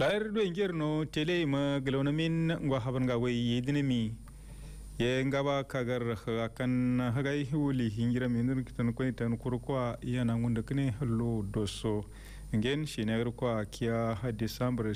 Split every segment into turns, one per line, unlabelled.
layar do ingirno tele ma galona min ngwa haban ga wai yidine mi ye ngaba kagar hakan hagai wuli hingira min nur kitan ko tan kurkwa yana ngunda kine hallo doso ngen shine kwa kiya ha december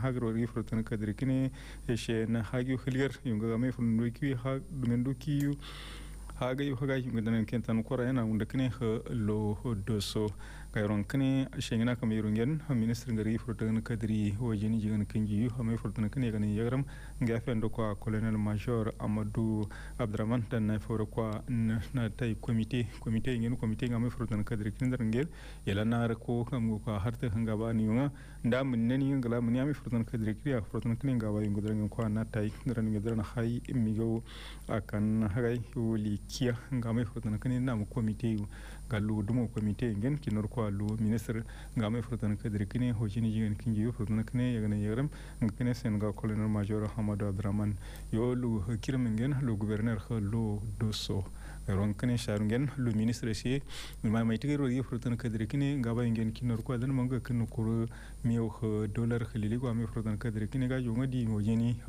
ha gro ri furtan kadir kine shen hagi hilgar yunga game fun ki ha dumen ha hagai hagai yunga tan kentan kora yana ngunda kine hallo doso kayron kene shengina kam yurungen ha minister ngari furtan kadri wajini jigan kinji yu ha me furtan kene gani yagram ngafendo kwa colonel major amadou abdraman tan na foro kwa na tay comité comité ngin comité ngam furtan kadri kinder ngel yela na ra ko kam go kwa harta hanga ba ni nga nda min nani ngala min yami furtan kadri kriya furtan kene ngaba yung dran ngin kwa na tay dran ngin dran hay migo akan hagay wuli kiya ngam furtan kene na mu comité yu kallu dum o comité ngen kinor ko allu ministre ngam furtan ka dir kine ho jini ngen kinji furtan ka ne yagna yaram kine sen ga colonel major hamadou abdraman yo lu kirim ngen lu gouverneur ko lu dosso ron kine sharu ngen lu ministre si mi may may tigero yi furtan ka dir kine ga bay ngen kinor ko dan mangu kin ko miw ho dollar khilili ko mi furtan ka dir kine ga yo ngadi ho jini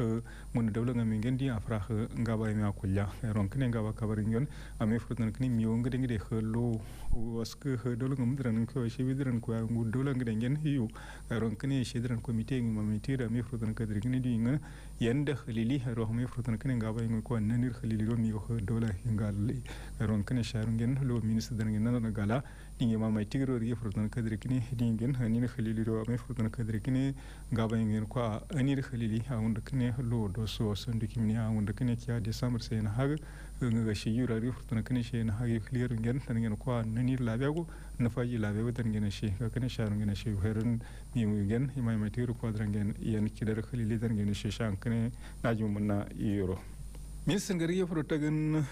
mun dawla ngam ngen di afra ga bay mi akulla ron kine ga ba kabar ngen ami furtan kine miw ngade ngade ho was ke he dolo ngam dran ko she bidran ko ngu dolo ngren gen hiu ron kene she dran ko mite ngi mami tira mi frutan ka dri gni dinga yende khalili ro mi frutan kene ngaba ngi ko nanir khalili ro mi ho dolo hingal ron kene sharun gen lo minis dran gen gala ingemamaitiga ro rige furutana kadirikini ringen hanine khalili ro ame furutana kadirikini gaba ingen kwa anir khalili awunda kine lo do so sondu kimni awunda kine kya december sen hag ngaga shiyu ra rige furutana kine shen hag clear ingen tangen kwa nanir labego nafaji labego tangen she ga kine sharu ingen she herin mi ingen imamaitiga ro kwadrangen yan kidar khalili tangen she shankne najum na yoro Ministan gari ya furta gan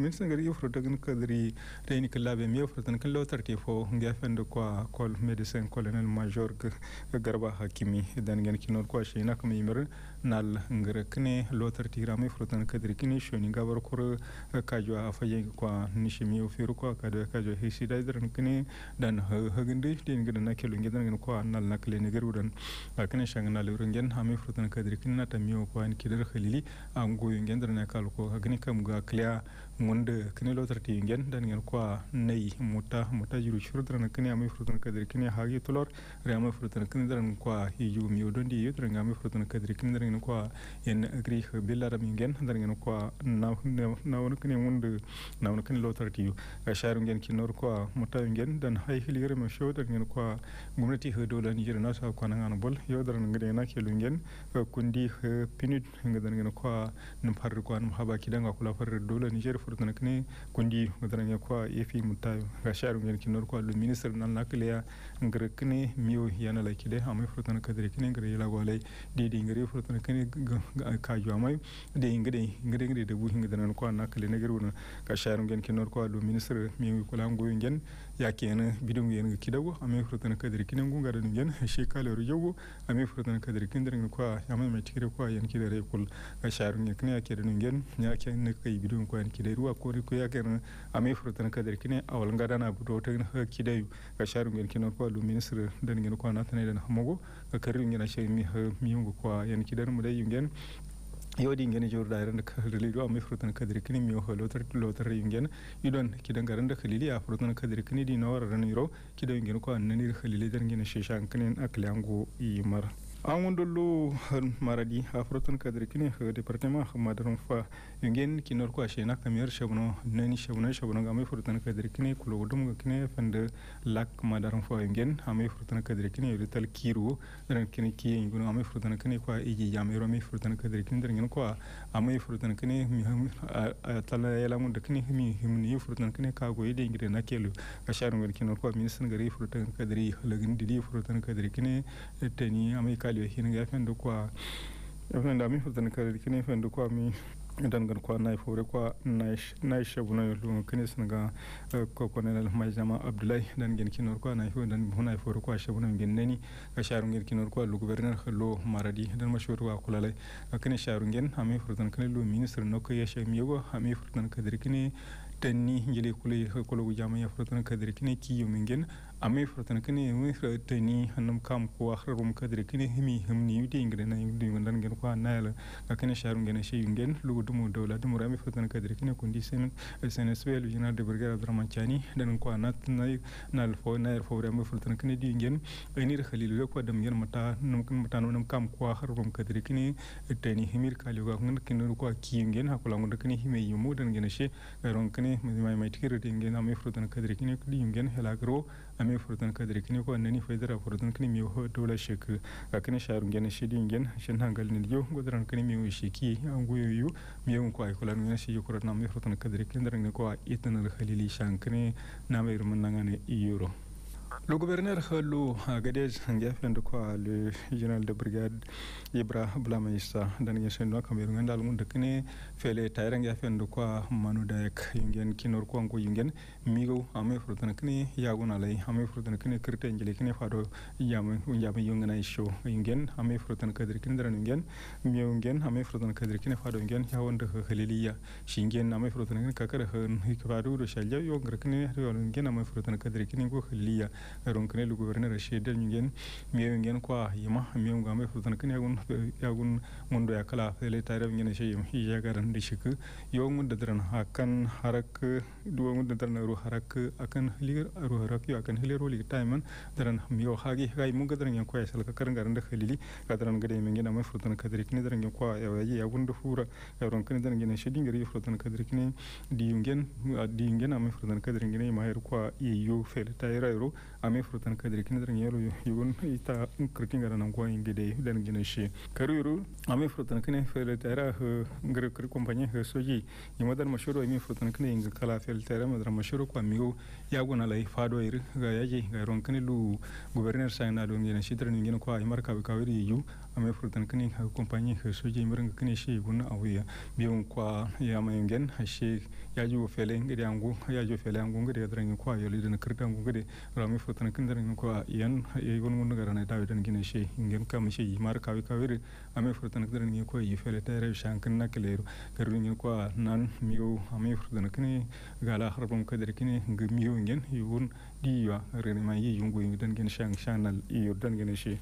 ministan gari ya furta gan kadri reni kalla be miya furta kan lautar tefo gafen da kwa call medicine colonel major garba hakimi dan gan kinor kwa shi na kuma yimir nal ngara kne lautar tira mai furta kadri kine shoni gabar kur kajo a fayen kwa nishi mi ofiru kwa kajo kajo hisi da idan kine dan hagin da shi gidan na kelun gidan gan kwa nal na kale ne garudan kine shangana lurin gan ha mai furta kadri kine na ta miyo kwa ni kidar khalili angu ko engendra né kala ko hakani kam wonde kene lo lotarti ingen dan gen kwa nayi muta muta juru shurutran kene amay furutran kadir kene hagi tolor re amay furutran kene dan kwa yu mi odondi yu tran amay furutran kadir kene dan gen kwa en gri billa ram ingen dan gen kwa na na won kene wonde na won kene lotarti yu ga sharu gen kinor kwa muta ingen dan hay hiligre ma show dan gen kwa gwamnati he dola ni jira na sa kwa nan bol yo dan ngre na ke lungen kundi pinit ngi dan gen kwa num far kwa num haba kidanga kula far dola ni jira fortanakne kundi mutaranya kwa yefi mutayo gasharu ngene kinor kwa minister nan nakleya ngrekne miyo yana lakide amay fortanaka drekne ngre yela gole de de ngre fortanakne ka jo amay de ngre ngre ngre de bu hingde kwa nakle ne geruna gasharu ngene kinor kwa lu minister miyo kula ngoy ngen yakene bidum ngene kidago amay fortanaka drekne ngungara ngen shekale rujogo amay fortanaka drekne ngre kwa yamay metikire kwa yan kidere kul gasharu ngene yakere ngen nyake ne kai bidum kwa yan kidere ruwa kori ku ya gana a mai furtan kadar kine a walin gada na budo ta gina ha kidayu ga sharin gina kina kwa lu minister da gina kwa na tanai da na hamago ga karin gina shi mi ha mi yungu kwa yan kidan mu da yungen yodi ingene jor da ka halilu mai furtan kadir kini mi holotar lotar yungen idon kidan garin da kalili a furtan kadir kini di na ran yiro kidan nanir ko da halili dan gina sheshan kinin aklango mara awondolo maradi afroton kadrikini departement madaron fa yungen kinor ko ashena kamir shabno nani shabno shabno ga mai furtan kadrikini kulodum ga kine fanda lak madaron fa yungen amai furtan kadrikini rital kiru ran kini ki yungen amai furtan kini ko iji jamiro mai kadri kadrikini dan ngin ko amai furtan kini mi tala yala mun da kini mi himni furtan kini ka goyi de ngire na kelu ga sharon ngin kinor ko min sun gari furtan kadri halagin kadri furtan teni tani amai ali hinga fende kwa fenda mi fotani kare kini fende kwa mi dan gan kwa nay fore kwa nay shabu na yulu kini sanga ko eh, ko ne al majama abdullahi dan gen kinor kwa nay fore dan hunay fore kwa shabu na gen neni ka sharu gen kinor kwa lu governor lo maradi dan mashwar wa kulalai kini sharu gen hami furtan kini lu minister no ko yeshe mi yogo hami furtan kadir kini tanni jeli kulay ko lu jama ya furtan kadir kini ki yumingen amma ifurtan kini mun fura tani hannum kam ko akhrum kadri kini himi himni yudi ingre na yudi wandan gen ko anayala ga kini sharum gen shi yungen lugu dumu dawla dumu rami furtan kadri kini kundi sen sen swel jina de burger abdraman dan ko anat na na fo na fo rami furtan kini di ingen ni re khalil ko dam gen mata num kin mata num kam ko akhrum kadri kini tani himir kali ga ngun kini ko ki ingen hakula ngun kini himi yumu dan gen shi ron kini mai mai tikir di ingen ami furtan kadri kini di ingen helagro ane furdun ka dirik ne ko anani faidar furdun kini mi ho dole shek ka kini sharun gena shidin gen shin hangal ne yo gudran kini mi wi sheki an go yo yo mi yon ko ay kulan ne shi yukur na mi furdun ka dirik ne dirik ne ko itan al khalili shan kini na mai rumun nan ane euro ለጉቨርነር ህሉ ገዴዝ እንጃፍን እንደ ኳል ጀነራል ደ ብሪጋድ ይብራ ብላማይሳ ሰንዷ ከሜሩን እንዳል ሙን ደቅኔ ፌሌ ታይረ እንጃፍን እንደ ኳ ማኑ ዳይክ ይንገን ኪኖር ኳን ኮ ይንገን ሚገው አመ ፍሩተን ክኔ ያጉና ላይ አመ ፍሩተን ክኔ ክርተ እንጀሌ ክኔ ፋዶ ያመ ያመ ይንገና ይሾ ይንገን አመ ፍሩተን ከድር ክኔ ደረን ይንገን ሚው ይንገን አመ ፍሩተን ከድር ክኔ ፋዶ ይንገን ያው እንደ ሽንገን አመ ፍሩተን ክኔ ከከረ ህን ይከባዱ ዶ ሻልያ ክኔ ያሉ ይንገን አመ ፍሩተን ከድር ክኔ ኮ ህሊያ ronkene lugu werne ra shedel ngen miyo kwa yima miyo ngambe futan kin yagun yagun mundo yakala fele tarab ngen she yim hiya garan dishik yo ngund dran akan harak duwa ngund dran ru harak akan hilir ru harak yo akan hilir roli taiman dran miyo hagi gai mung dran ngen kwa sal karan garan de khilili gadran gade ngen amay futan kadri kin dran ngen kwa yawaji yagun du fura ronkene dran ngen shedin gari futan kadri kin di ngen di ngen amay futan kadri ngen ma her kwa iyo fele tayra ro ame furtan kadri kinadar ngiyalo yugun ita kirkin gara nan kwa ingide dan gina shi karuru ame furtan kine fere tara ngre kir kompanye he soji yimadar mashuru ame furtan kine inga kala fel tara madar mashuru kwa migo yaguna lai fado ir ga yaji ga ron kine lu governor sayna don gina shi tren gina kwa imar kabe kawiri yu amay furtan kani ha kompani ha suje mirnga kani she guna awiya biyon kwa ya mayengen ha she ya ju fele ngede angu ya ju fele angu ngede drangi kwa yoli den kirda angu ngede rami furtan kini drangi kwa yan ya gon mun ngara na ta den kani she ngem kam she mar kawi kawir amay furtan kini drangi kwa yi fele ta tare kani na kelero garu ngi kwa nan miyo amay furtan kani gala harbum kadir kini miyo ngen yugun diwa rene ma yi yungu ngi den kini shang shanal iyo den kini she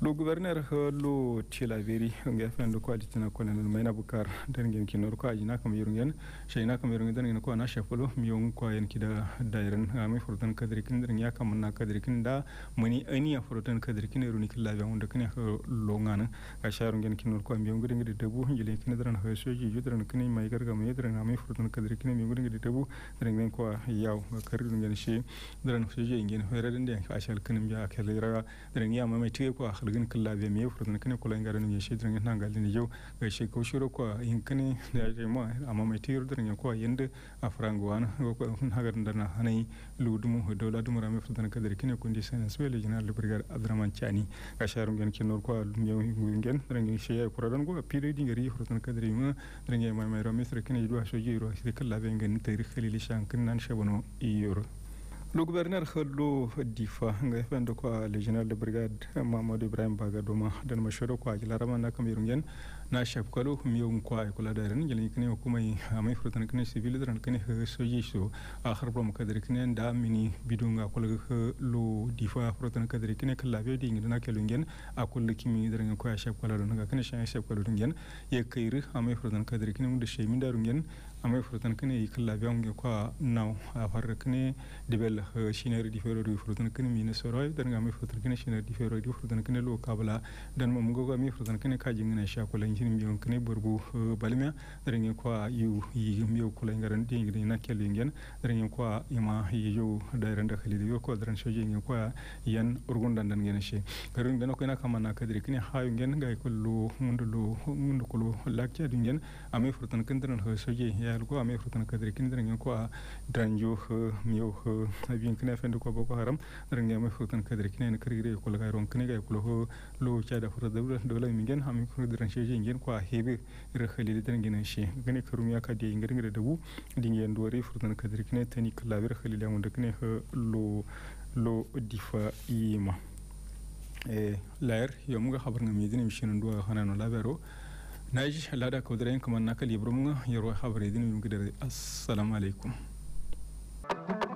ɗo gouverneur ɗo telaveri gafen ɗo ko aditina colonel mayna boucar dargen kinor ko ajina kam yerugen shayna kam yerugen dargen ko ana shafalo miyon ko ayen kida dairen ami furtan kadrikin dargen ya kam na kadrikin da mani ani ya furtan kadrikin eruni kilabe hunde kine lo ngana ga sharugen kinor ko miyon gudin gidi debu jile kine daran hoyesoji yudran kine mai garga mai daran ami furtan kadrikin miyon gudin gidi debu dargen ko yaw ga kargun gen shi daran hoyesoji ingen hoyraden de ashal kinim ya kelera dargen ya mai tiye ko kulgin kala ve me furdan kane kula ngara ni shi drin na ngal ni yo ga shi ko shiro ko in kane da ma amma mai tiro drin ko yende afrango wan go ko hun hagar ndana hanai ludum ho dola dum rame furdan kadir kine kundi sen swele jinar le brigar abdraman chani ga sharum gen kin nor ko ngi gen drin shi ya kuradan go pire di ngari furdan kadir ma drin mai mai rame sir kine do so jiro shi kala ve ngi tarikh khalili shan kin nan shabono iyoro Le gouverneur Khallo Difa nga fendo kwa le général de brigade Mamadou Ibrahim Bagadoma dan mashoro kwa kila rama na kamirun gen na shaf kalo miyong kwa kula da ran gelin kine hukuma yi amai furtan kine civil dan kine soji so a harbo mu kadri kine da mini bidunga kula lo Difa furtan kadri kine kala be dingi na kelun gen a kullu kimi dan kwa shaf kala dan ga kine shan shaf kala dun gen ye kairi amai furtan kadri kine mun da shemin da run gen am yi furutan kene yi kala biyan ke kwa naw a farar kene dibel shinar di fero di furutan kene mi nasarai dan ga mai furutan kene shinar di fero di furutan kene lo kabla dan mu mugo mai furutan kene ka jin ne sha kula injin biyan kene burbu balmiya dan ga kwa yi yi mi kula ngaran din ga na kelu ngen dan ga kwa ima yi yo da randa khalil yo ko dan shoje ngen kwa yan urgun dan dan ngen she garin dan ko na kama na kadri kene ha yi ngen ga kullu mundu lu mundu kullu lakcha din ngen amai furutan kene dan shoje yaluko ame frutana kadrekin drangi ko a dranjo mio abin kne fendo ko boko haram drangi ame frutana kadrekin en kirire ko laga ron kne ga ko lo cha da fura da do la mingen ame fur dran sheje ingen ko a hebe re khalil drangi na she gane kurum ya kadi ingen ngire dabu dingi en dori frutana kadrekin tani kallabir khalil ya wonde kne lo lo difa ima eh laer yomuga khabar ngamidini mishinu ndo khana no labero ناجح لا كودرين كمان ناكل يبرمنا يروح خبريدين بمقدر السلام عليكم